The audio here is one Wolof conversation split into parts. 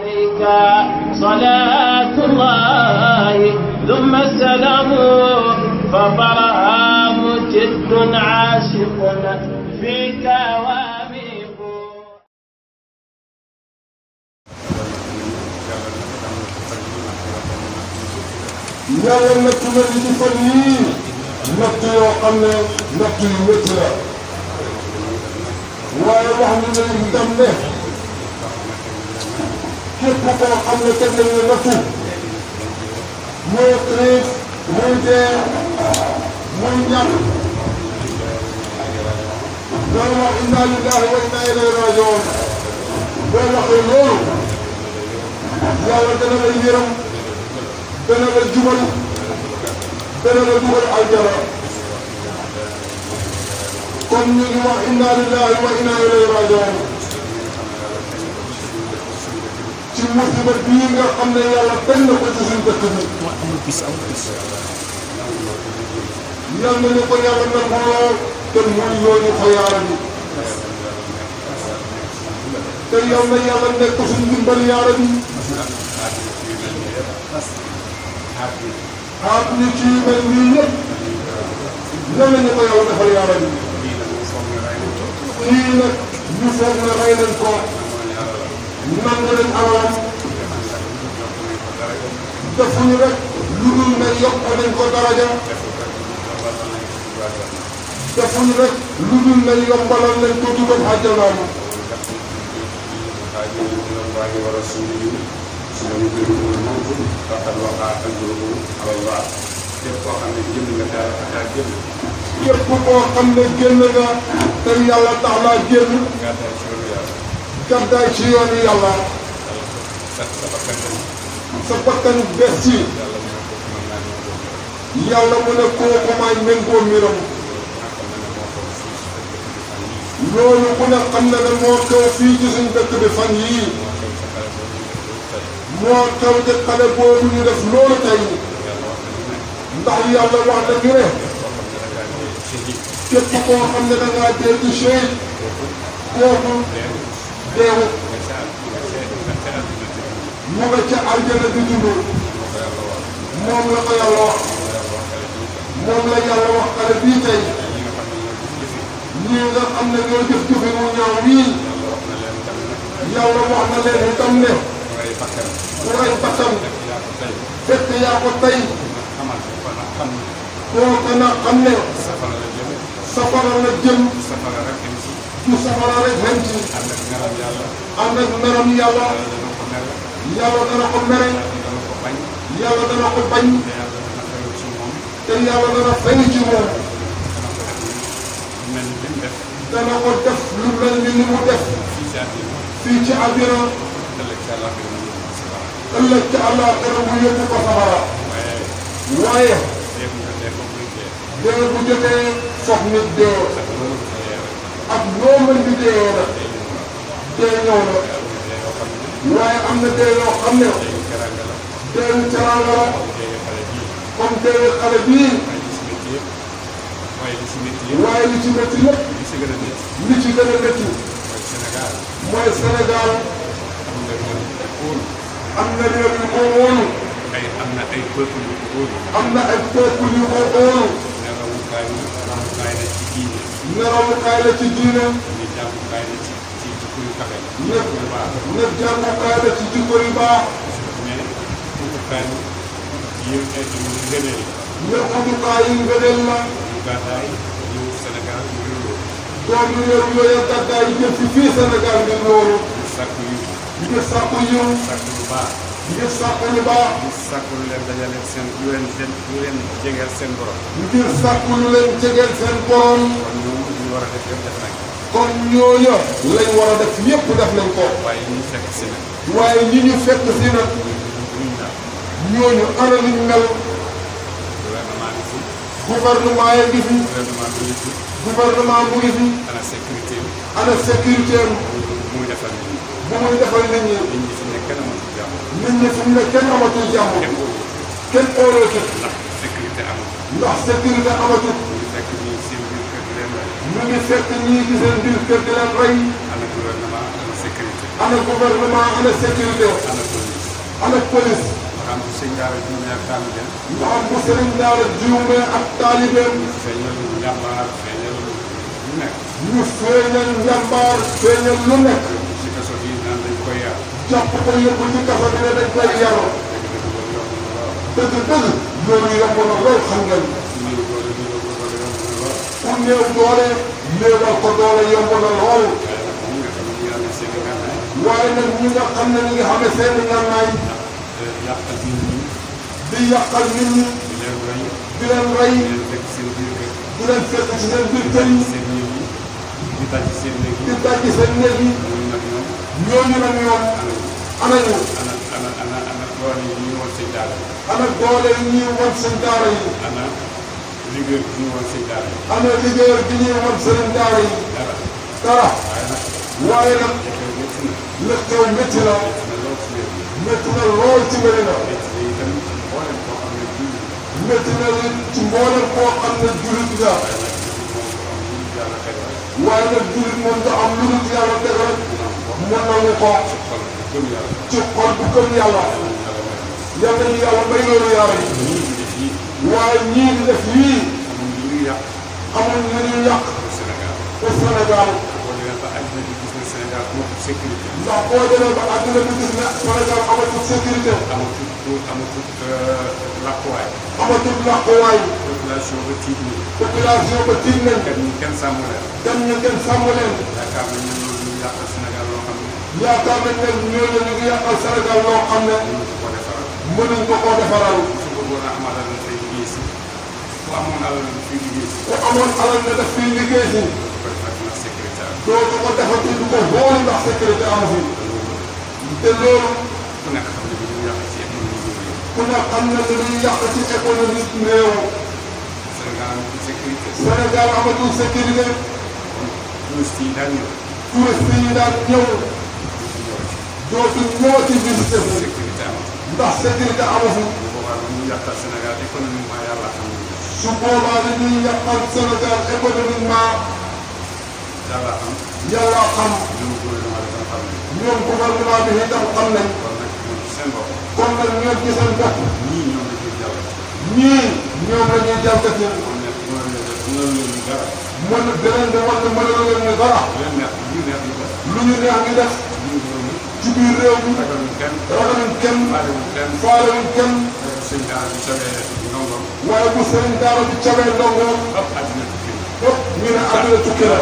عليك صلاة الله ثم السلام فطرها مجد عاشق فيك واميق yàlla natt na li ñu fan yii natt yoo xam ne natt yu wëcc la waaye wax na ne itam ne képp koo xam ne teg nañ la nattu muy xiif muy dee muy ñàkk loolu wax inna lillahi wa inna ilayhi rajiun boo waxee loolu yàlla dana la yërëm dana la jubal dana la dugal aljara kon ñu ngi wax inna lillahi wa inna ilayhi rajiun ci musiba bii nga xam ne yàlla benn ko ci suñu dëkk bi. waaw amul bis amul bis. yal nañu ko yàlla nangu lool te muy yoonu xoyaar bi. te yal na yàlla nekk suñu ndimbal yaara bi. xaar ñu ci yu mel nii yëpp. yal nañu ko yàlla defal yaara bi. lii nag ñu foog ne rey nañ ko. man nga leen awaat defuñu rek lu dul ne yokk nañ ko daraja defuñu rek lu dul ne yombalal nañ ko dugal àjjanaam képp koo xam ne génn nga daal ak génn. képp koo xam ne génn nga te yàlla tax laa génn. gàddaay ci yoonu yàlla sa bakkanu bés yi yàlla mu ne kooku maay méngoo mbiram loolu ku ne xam na ne moo xew fii ci suñ dëkk bi fan yii moo xew ci xale boobu ñu def loolu tey ndax yàlla wax nañu ne képp koo xam ne da ngaa dee ci sey kooku teewu mu nga ca moom la ko yàlla moom la yàlla wax xale bii tey ñii nga xam ne mu ñaaw wii wax na leen itam ne safara la jëm su safara rek rënt. ànd ak meram yàlla. yàlla dana ko mere. yàlla dana ko bañ. te yàlla dana fay ci moom. dana ko def lu mel ni li mu def. fii ci àddina. ëllëg ca àllaaxira mu yóbbu ko safara. waaye. dee bu jotee foog nit dee. ak loo mën di deewee nag dee ñëw na waaye am na dee yoo xam ne deewu teraanga la comme deewu xale bii waaye li ci métti lépp li ci gën a métti mooy Sénégal am na réew yu ko wóolu. ay am na ay peuple yu ko wóolu. am na ay peuple yu ko wóolu. narawukaay la ci diina. ne jàngukaay la ci ci jikko yu kawe. ñëpp ñëpp jàngukaay la ci jikko yu baax. mais utukaay yiw ay yu ngëneel la. ñëpp utukaay yu ngëneel la. yu gàddaay yu Sénégal yu réew. doom yu réew yooyu gàddaay yi jëm ci fii Sénégal ngeen loolu. ngir sàkku yiw. ngir sàkku yiw. sàkku lu baax. ngir sàkku ñu baax. ngir sàkku lu leen dajale seen lu leen seen lu jegeel seen borom. ngir sàkku lu leen jegeel seen borom. kon ñoom ñu war a def yëpp def nañ lañ war a def yëpp def nañ ko. waaye ñi ñu fekk si nag. waaye ñi ñu fekk si nag. ñooñu ana liñ mel. gouvernement bi fi. gouvernement yi ngi fi. gouvernement bu ngi fi. gouvernement bu ngi fi. sécurité ana sécurité am. bu muy defal nit ñi. bu muy defal nit ñi. nit ñi fi mu ne kenn amatul jàmm. nit ñi fi mu ne kenn amatul jàmm. kenn óolootul. ndax sécurité amatul. ndax sécurité amatul. mu ngi fekk ñii seen biir kër di leen rey. mu ngi fekk ñii di seen biir kër di leen rey. ana gouvernement ana sécurité. ana gouvernement ana sécurité. ana police. ana police. am bu sëñ Daara Dioumé ak taalibeem. am bu sëñ Daara Dioumé ak taalibeem. feeñal njàmbaar feeñal lu nekk. ñu feeñal njàmbaar feeñal lu nekk. ci kaso bi naan dañ koy yar. jàpp ko yóbbu ci kaso bi ne dañ koy yar. dëgg dëgg. loolu yomb na lool xam ngeen. ku néew doole néewal ko doole yomb na lool. waaye nag ñi nga xam ne ñi nga xam ne seeni ngànnaay. di yàqal nit ñi. di leen rey. di leen fekk ci seen biir kër yi. taal ci seen néeg yi. di taal ci seen néeg yi. ñooñu nag ñoom. ana ñu. ana ana ana ana doole yi ñuy woon seen daara yi. ana doole yi ñuy woon seen daara yi. ana liggéey bi ñuy woon seen daara yi. ana liggéey bi ñuy woon seen daara yi. dara. dara. waaye nag. la xew métti la. métti na lool ci bëri na. métti na leen ci mboolem koo xam ne jullit nga. waaye nag jullit moom du am lu dul yàlla teg rek mu nangu ko ci xol bu gëm yàlla yal nañu yàlla may loolu yàlla yi waaye ñii di def lii xamuñ lu ñuy yàq te Sénégal sécurité. ndax boo demee ba àdduna bi gis ne Sénégal amatul sécurité. amatul amatul euh, làkkuwaay. amatul làkkuwaay. population ba tiit ni population ba tiit nañ. kenn kenn sàmm leen. kenn kenn sàmm leen. yaakaar nañ ne ñooñu ñu yàqal Sénégal loo xam ne. yaakaar nañ ne ñooñu ñu ngi yàqal Sénégal loo xam ne. mënuñ ko koo defaral. ku amoon alal na daf fiy liggéey si. ku amoon alal na daf fiy liggéey si. dootu ko defati du ko xool ndax sécurité am fi. te loolu. ku nekk xam na li ñuy yàq ci économie réew. ku nekk xam na li ñuy yàq ci économie réew. amatul sécurité. Sénégal amatul sécurité. touristes yi daal ñëw. touristes yi daal ñëw. dootul ñëw ci biir sécurité ndax sécurité amatul. bu boobaa dañuy yàqal Sénégal économiquement yàlla xam nañu. su boobaa dañuy yàqal Sénégal économiquement. yàlla xam. yàlla xam. ñoom gouvernement bi xam nañ. ñoom gouvernement bi itam xam nañ. kon nag ñoom ci seen bopp. kon nag ñoom ci seen bopp. ñii ñoom la ñuy jàllale. ñii ñoom la ñuy jàllale. mënal ñu dara. mën beneen bi wax ne mënal leen ñu dara. lu ñu neex ñu def. ci biir réew mi. ragaluñ kenn. ragaluñ kenn. faalewuñ kenn. faalewuñ kenn. waaye bu sëriñ daara bi cabee ndongo. ñu ne àdduna tukki la.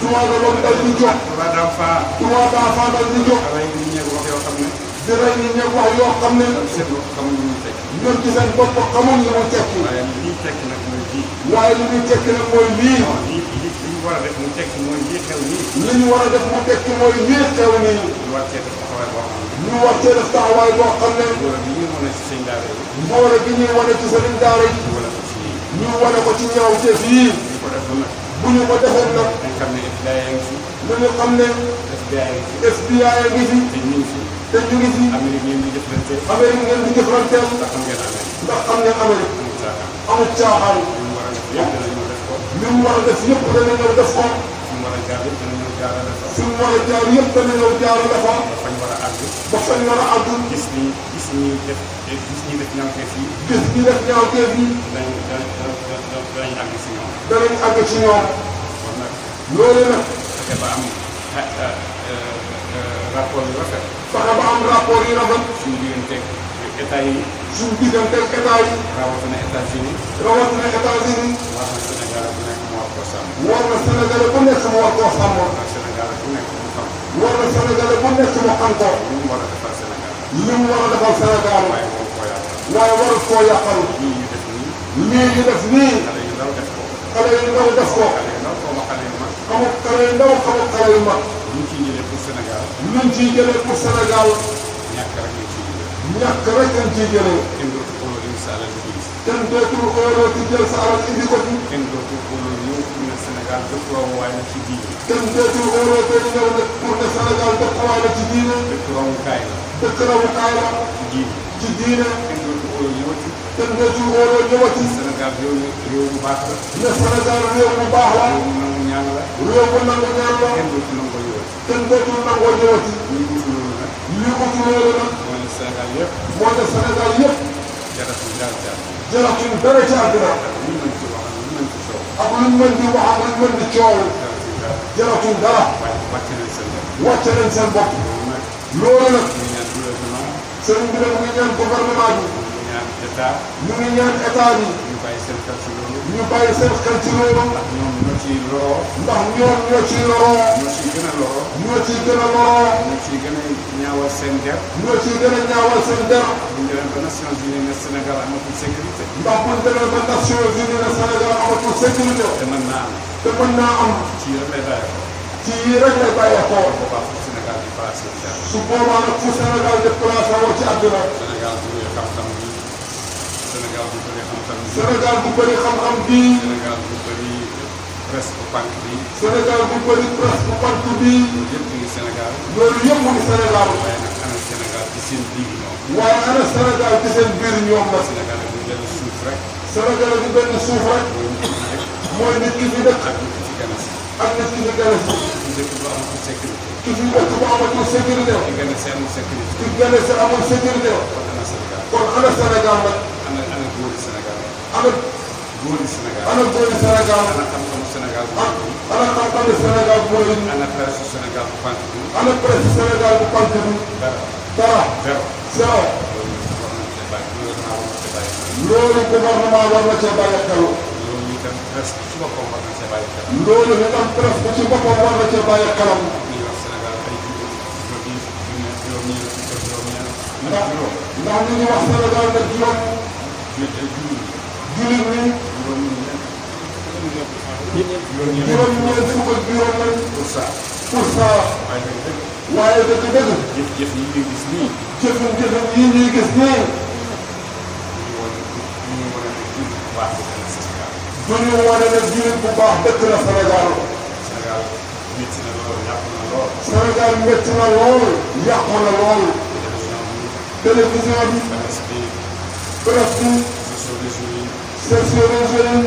Touba Gabon dal ñu jóg. Touba Dame Faa. Touba Dame Faa dal ñu jóg. dafay nit ñeeg wax yoo xam ne. dafay nit ñeeg wax yoo xam ne. ñoom seen bopp xamuñ lu muy tekki. ñoom ci seen bopp xamuñ lu muy tekki. waaye li ñuy tekki nag. waaye li ñuy tekki nag mooy lii. li ñu war a def mu tekki mooy lii xew nii. li ñu war a def mu tekki mooy lii xew nii. ñu war cee def taxawaay boo xam ne. ñu war cee def taxawaay boo xam ne. mbooloo bi ñuy wane ci sëñ daara yi. mbooloo bi ñuy wane ci sëñ daara yi. ñu wane ko ci ñaawteef yii. bu ñu ko defoon nag. dañ xam ne FBI yaa ngi fi. ñu xam ne. FBI yaa ngi fi. FBI yaa ngi fi. te ñu ngi fi. te ñu ngi fi. Amérique ngeen di jëflanteel. Amérique ngeen di jëflanteel. ndax xam ngeen Amérique. ndax xam ngeen Amérique. amul caaxaan. yëpp dana ñëw def ko. li mu war a def yëpp dana ñëw def ko. fi mu war a jaar yëpp dana ñëw jaarale fa. fi mu war a jaar yëpp dana ñëw jaarale fa. ba fañ war a àgg. ba fañ war a àgg. gis ni gis ni def gis ni def ñaawteef yi. gis ni def ñaawteef yi. danañ danañ danañ àgg si ñoom. danañ àgg si ñoom. kon nag. loolu nag. fexe ba am euh, euh, rapport yu rafet. fexe ba am rapport yu rafet. suñu digganteeg. état yi. suñu diggante ak état yi. rawatina États-Unis. rawatina États-Unis. war na Sénégal bu nekk mu war koo sàmm. war na Sénégal bu nekk mu war koo sàmm. war na Sénégal bu nekk mu xam. war na Sénégal bu nekk mu xam ko. li mu war a defal Sénégal. li mu war a defal Sénégal. waaye warul koo yàqal. waaye warul koo yàqal. lii ñu def nii. lii ñu def nii. xale yu ndaw def ko. xale yu ndaw def ko. xale yu ndaw xamu xale yu mag. xamu xale yu ndaw xamu xale yu mag. luñ ciy jëlee pour Sénégal. luñ ciy jëlee pour Sénégal. mirakkarakan tiijere en dortukono ɗum sa alal ɓoyis en dotru oɗo tijjel sa alal indi ko ɗum en dortukono yewtude sénégal dottuwamo wayno ci diine en dotru oɗo toɗinewne pour que sénégal dottuwano ci diine dotturamo kayla dotturamo kayla ci diine ci diine en dortu oɗo yewti en dotru oɗo yewti sénégal rewni rew mu baax la nde sénégal rew mu baax la rew mu nango ñaan la rew mu nango ñaan la en dortu nango yewti en dortu nango yewti li utu loolu nag li utu loolu nag Sénégal yëpp. moo tax Sénégal yëpp. jaratul dara ca àdduna. jaratul dara ca àdduna. ak lu mën di wax ak lu mën di coow. jaratul dara. wàcc nañ seen bopp. wàcc nañ seen bopp. loolu nag. sëriñ bi nag mu ngi ñaan gouvernement bi. mu ngi ñaan état. mu ngi ñaan état bi. ñu bàyyi seen xel ci loolu. ñu bàyyi seen xel ci loolu. ndax ñoom ñoo ciy loroo. ndax ñoom ñoo ciy loroo. ñoo ciy gën a loroo. ñoo ciy gën a loroo. ñoo ciy gën a ñaawal seen der. ñoo ciy gën a ñaawal seen der. bu ñu demee ba Nations Unies ne Sénégal amatul sécurité. ndax bu ñu demee ba Nations Unies ne Sénégal amatul sécurité. te mën naa am. te mën naa am. ci yii rek lay bàyyeekoo. ci yii rek lay bàyyeekoo. bu baax pour Sénégal di placer wu ci àdduna. su boobaa nag pour Sénégal di placer wu ci àdduna. Sénégal du xam-xam Sénégal bu bëri xam-xam bi. Sénégal bu bëri xam-xam bi. Sénégal bu bëri presse bu pànk bi. Sénégal bu bëri presse bu pànk bi. loolu yëpp mu ngi Sénégal. loolu yëpp mu ngi Sénégal. waaye nag ana Sénégal ci seen biir ñoom. waaye ana Sénégal ci seen biir ñoom la. Sénégal bu benn suuf rek. Sénégal bu benn suuf rek. mooy nit ki fi dëkk. ak nit ki fi ganas. ak nit ki fi ganas. ki dëkk bu amatul sécurité. ki fi dëkk bu amatul sécurité. ki gane si amul sécurité. ki gane si amul sécurité. kon ana Sénégal. kon ana Sénégal nag. ana ana góori Sénégal. ana góori Sénégal. ana góori Sénégal. ana xam-xamu Sénégal bu baax bi. ana xam-xamu Sénégal bu baax bi. ana presse Sénégal bu baax bi. ana presse Sénégal bu baax bi. dara. dara. zéro. zéro. loolu gouvernement war na cee bàyyi xel. loolu ñu dem presse bi ci boppam war na cee bàyyi xel. loolu ñu dem presse bi ci boppam war na cee bàyyi xelam. ndax li ñuy wax Sénégal nag juróom. jullit ñi. juróom-ñeent fukk ak juróom lañ. pour ça. pour ça. waaye dëgg dëgg. jëf-jëf yi ñuy gis nii. jëf-jëf yi ñuy gis nii. du ñu wane ne jullit bu baax dëkk la Sénégal. Sénégal métti na lool yàqu na lool. Sénégal métti na lool yàqu na lool. télévision bi. presse bi. presse bi. réseaux sociaux yi. sectionnism.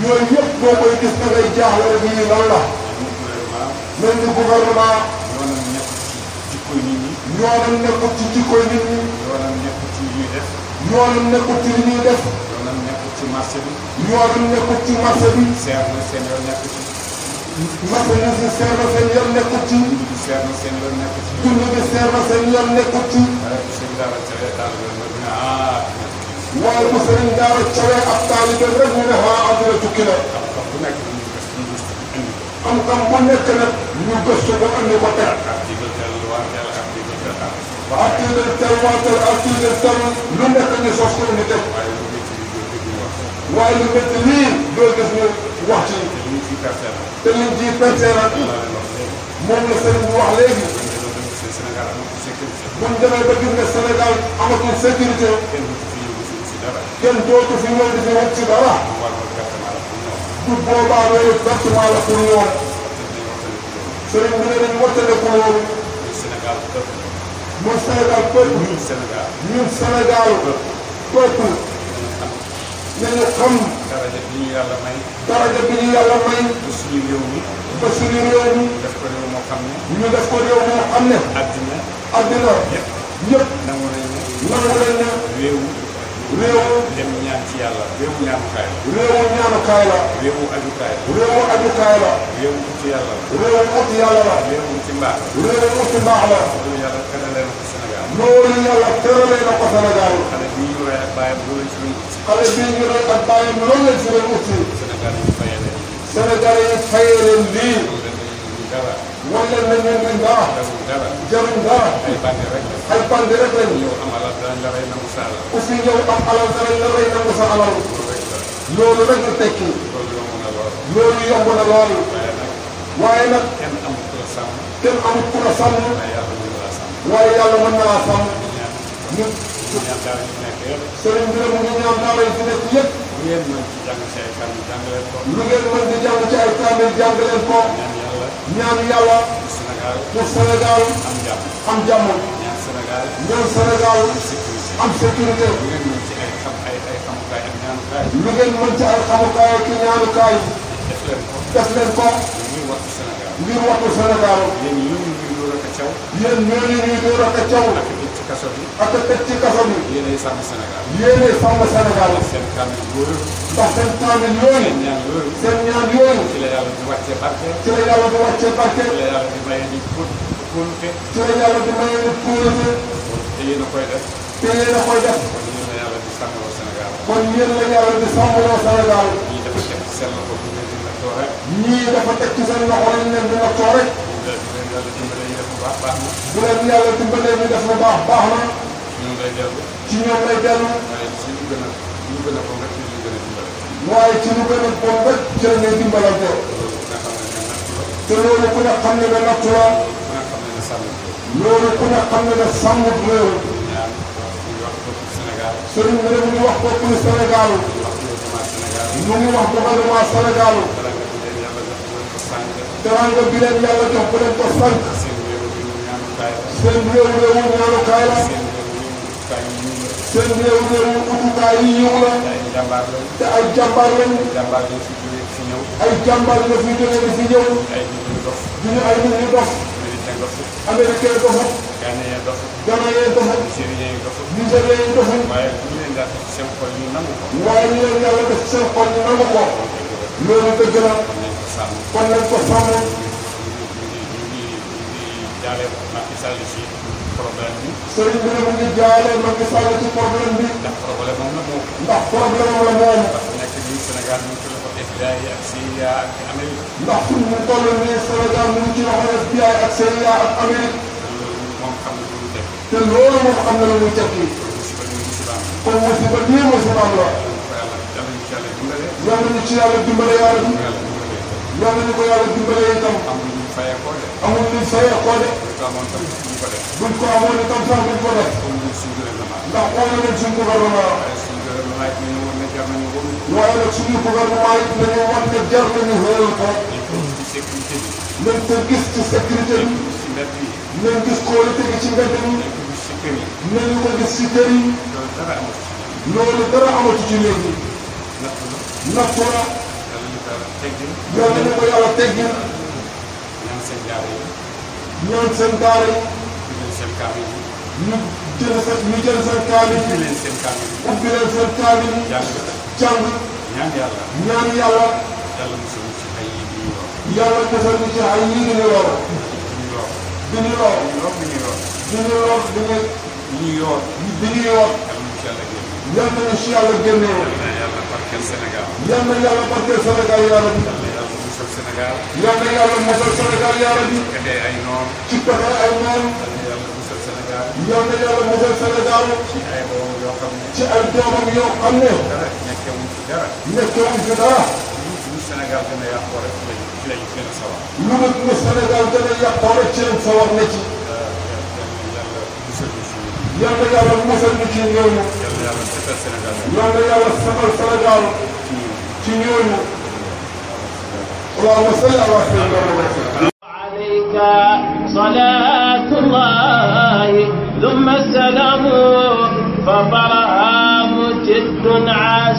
yooyu yëpp boo koy gis da ngay jaaxle rek yii lan la. mel ni gouvernement. yoonam nekkul ci jikkoy nit ñi. yoonam nekkul ci jikkoy nit ñi. yoonam nekkul ci li ñuy def. yoonam nekkul ci li ñuy def. yoonam nekkul ci marché bi. yoonam nekkul ci marché bi. seer na seen yoon nekk ci. marché bi si seer na seen yoon nekkul ci. dund bi seer na seen yoon nekkul ci. dund bi seer na seen yoon nekkul ci. mooy bu sëriñ daara cawee ab taalibeem rek ñu ne xanaa àdduna tukki na. am xam bu nekk nag ñu gëstu ko andi ko teg. article tel waatel article tel lu nekk ñu sos ko indi teg. waaye lu métti lii doo gis ñu wax ci. te liñ ciy pensé nag moom la sëriñ bu wax léegi. buñ demee ba gis ne Sénégal amatul sécurité. kenn dootu fi mën di fi wut ci dara du boobaa loolu département la pour ñoom sëriñ bi ne dañ mottale ko loolu muy Sénégal peuple ñun Sénégal peuple nañu xam daraja bi ñu yàlla may daraja bi ñu yàlla may ba suñu réew mi ba suñu réew mi def ko réew moo xam ne ñu def ko réew moo xam ne addina addina ñëpp nangu nañ ne nangu nañ ne réew réewu dem ñaan ci yàlla réewu ñaanukaay la réewu ñaanukaay la réewu ajukaay la réewu ajukaay la réewu ut yàlla la réewu ut yàlla la réewu ci mbaax réewu ut mbaax la loolu yàlla tëralee na ko Sénégal loolu yàlla tëralee na ko Sénégal xale bi ñu rey ak bàyyam loolu lañ ci doon ut xale bi ñu rey ak bàyyam loolu lañ ci doon ut Sénégal yi fayee leen Sénégal yi fayee leen lii wan leen na ñun duñ baax dara. jarul dara. ay bande rek la. ay bande rek lañu. ñëw am alal danañ la rey nangu sa alal. ku fi ñëw am alal danañ la rey nangu sa alal. loolu rek la tekki. loolu yomb na lool. loolu yomb na lool. waaye nag. kenn amul ku la sàmm. kenn amul ku la sàmm. waaye yàlla mën na laa sàmm. ñun. ñaan daara ñu nekk yëpp. sëriñ bi mu ngi ñaan daara yi fi nekk yëpp. lu ngeen mën di jàng ci ay kaamil jàng leen ko. lu ngeen mën di jàng ci ay kaamil jàng leen ko. ñaan yàlla. ñaan yàlla. pour Sénégal am jàmm ñoom Sénégal am sécurité lu ngeen mën ci ay xamukaay ak ñaanukaay def leen ko ngir waxtu Sénégal yéen ñooñu ñuy dóor ak a caw kaso bi. ak teg ci kaso bi. yéenay sàmm Sénégal. yéenay sàmm Sénégal. seen kàddu yooyu. ndax seen kàddu yooyu. seen ñaan yooyu. seen ñaan yooyu. ci la yàlla di wàccee barke. ci la yàlla di wàccee barke. ci la yàlla di maye nit ku kóolute. ci la yàlla di maye nit kóolute. te yéen a koy def. te yéen a koy def. kon yéen la yàlla di sàmmaloo Sénégal. kon yéen la yàlla di sàmmaloo Sénégal. ñii dafa teg ci seen loxo rek. ñii dafa teg ci seen loxo lañ leen di nattoo rek. bu leen yàlla dimbalee ñu def lu baax baax na. ci ñoom lay dellu. waaye ci lu gën a bon rek ci la ñuy dimbalante. te loolu ku ne xam ne ne natt la. loolu ku ne xam ne ne sàmmut réew. sëriñ bi nag ñu wax bopp Sénégal. ñu ngi wax gouvernement Sénégal. teraanga bi leen yàlla jox bu leen ko sant. seen réew réewu ñaanukaay la. seen réew réewu utukaay yi yiw la. te ay jàmbaar lañu. ay jàmbaar la fi jógee di fi ñëw. du ñu ay nit ñu dof. américain dofut. ghanais dofut. ghanais dofut. nigérien dofut. nigérien dofut. waaye bu ñu leen daal def seen xol ñu nangu ko. waaye ñu leen daal def seen xol ñu nangu ko. loolu dëgg la. sàmm. kon nañ ko sàmm. ñu ngi jaaleel Macky Sall ci problème bi. Serigne bi mu ngi jaaleel Macky Sall ci problème bi. ndax problème moom la moom. ndax problème la moom. parce que nekk nii Sénégal mu ngi ci loxo FBI ak CIA ak Amérique. ndax fi mu toll nii Sénégal mu ngi ci loxo FBI ak CIA ak Amérique. moom xam na lu muy tekki. te loolu moom xam na lu muy tekki. kon musiba nii musiba am la. yàlla ñu ci yàlla dimbale yàlla. yal nañu ko yàlla dimbale yow tam. am na ñu fayee koo de. amul ñu fayee koo de. buñ ko amoon itam sax buñ ko def. ndax xool nañ suñu gouvernement. waaye nag suñu gouvernement yi dañoo war ne jar nañu xëyal ko. nañ ko gis ci sécurité bi. nañ gis kóolute gi ci mbedd mi. nañ ko gis ci kër yi. loolu dara amatu ci léegi. nattu la. yoon nañu ko yor ak teggin. ñoom seen daara yi. ñoom seen daara yi. ñu jël seen kaamil yi. ñu jël seen ñu jël seen kaamil yi. ubbi leen seen kaamil yi. ubbi leen seen kaamil yi. jàng jàng. ñaan yàlla. ñaan yàlla. yàlla musal ñu ci ay yi di ñu lor. yàlla musal ñu ci ay yi di ñu lor. di ñu lor. di ñu lor. di ñu lor di ñu. di ñu yor. di ñu yor. yàlla na ci yàlla génnee. barkeel Sénégal. yal na yàlla barkeel Sénégal yaa rabbi. yal na yàlla mosal Sénégal. yal na yàlla mosal Sénégal ne. ci ay doomam lu ma gën a Sénégal gën a yàqoo rek ci ci. yal na yàlla mosal ci. yal yàlla setal Sénégal. yal na yàlla setal Sénégal. ci ñooñu. allahumma salli ala sayyidina alayka salatullahi thumma salamu fa barhaamu jiddun